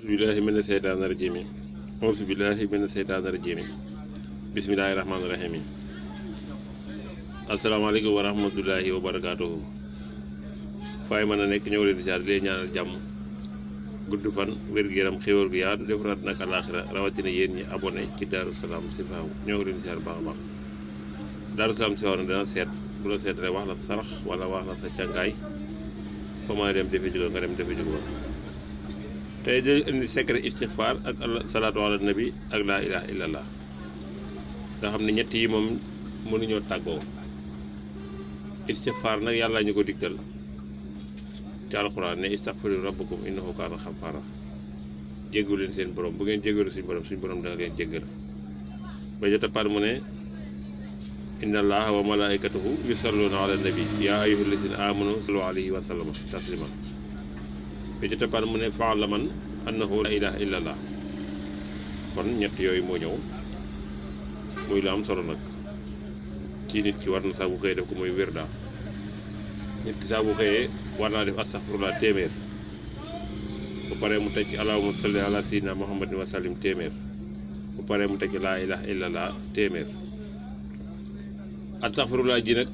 auzu billaahi mina seytaani rajiim auzu billaahi mina seytaani rajiim bismillaahi rahmaani rahiim wa rahmatulaahi wa barakaatuhu faay mën a nekk ñëw leen di siyaar di leen ñaanal jàmm gudd fan wér-gu-yaram xéwal gu yaatu defaraat nag àlaaxira rawatina yéen ñi abonné ci Daaru si faaw ñëw leen baax a baax Daaru si faaw dana seet bu la seetalee wax la sarax wala wax la sa càngaay fa ma dem dem defe jóg tey dañu indi secret istixfaar ak salaatu ala nabi ak laa ilaha illallah nga xam ne ñett yi moom mënuñoo tàggoo istixfaar nag yàlla ñu ko diggal ci alxuraan ne istaxfiru rabbakum innahu kaana xafaara jéggu leen seen borom bu ngeen jéggalu suñ borom suñ borom dana leen jéggal ba jot a par mu ne inna allaha wa malaikatahu yusalluuna ala nabi yaa ayyuha alladina amanu sallu alayhi wa sallama taslima bi ci toppaat mu ne la man na annahu la ilaha illa allah kon ñett yooyu moo ñëw muy la am solo nag ci nit ki war na saa bu xëyee def ko muy wirda nit ki saa bu xëyee war naa def astaxfirullah téeméer bu paree mu teg ci allahumma salli ala sayyidina muhammadin wa sallim téeméer bu paree mu teg ci laa ilaha illa allah téeméer astaxfirullah ji nag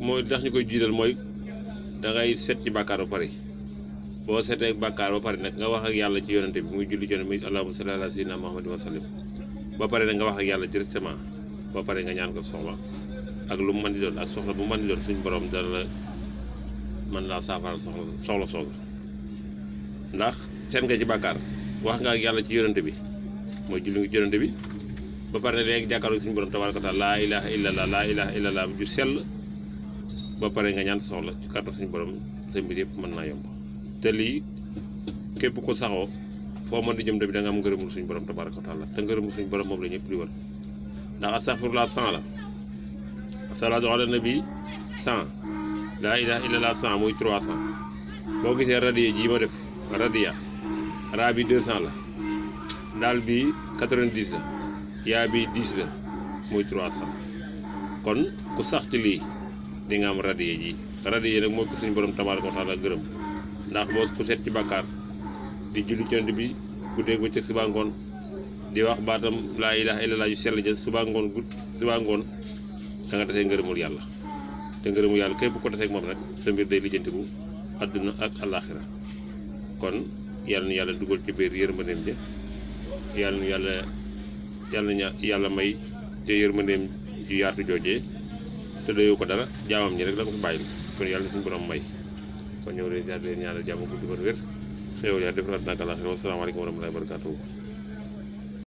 mooy tax ñu koy jiital mooy da seet ci bàkkaar ba pare boo seetee bàkkaar ba pare nag nga wax ak yàlla ci yonante bi muy julli ci yonante bi allahumma salli ala sayyidina muhammadin ba pare nag nga wax ak yàlla directement ba pare nga ñaan ko soxla ak lu mu mën di doon ak soxla bu mën di doon suñu borom dara la laa saafara soxla soxla soxla ndax seet nga ci bàkkaar wax nga ak yàlla ci yonante bi mooy julli nga ci yonante bi ba pare ne léegi jàkkaarloo suñu laa ilaha illallah laa ilaha illallah ju sell ba pare nga ñaan soxla ci kàttan suñu borom sa mbir yëpp mën naa yomb te lii képp ko saxoo foo mën di jëm tamit bi nga am ngërëmul suñu borom tabaraka wa taala te ngërëmul suñu borom moom la ñëpp di wër ndax astaghfirullah cent la salaatu ala nabi cent laa ilaha illallah cent muy trois cent boo gisee radiya ji ma def radiya raa bi deux cent la daal bi quatre vingt la yaa bi la muy trois cent kon ku sax ci lii di nga am radiya ji radiya nag moo ko suñu borom tabaraka wa taala gërëm ndax moo ku set ci bàkkaar di julli ci Yonent bi guddeeg ca suba ngoon di wax baatam laa ilaaha illallaah ju sell ja suba ngoon gudd suba ngoon da nga tasee ngërëmul yàlla te ngërëmul yàlla képp ko taseeg moom nag sa mbir day lijjantiku àdduna ak àllaaxira kon yàlla na yàlla dugal ci biir yërmandeem ja yàlla na yàlla yàlla na yàlla may ci yërmandeem ju yaatu joojee te doyoo ko dara jaamam ñi rek la ko fi bàyyil kon yàlla na suñu borom may kon ñëw leen ñaar leen ñaanal jàmm guddi fan wér xéewal yaa defaraat naka la xéewal salaamaaleykum wa rahmatullaahi wa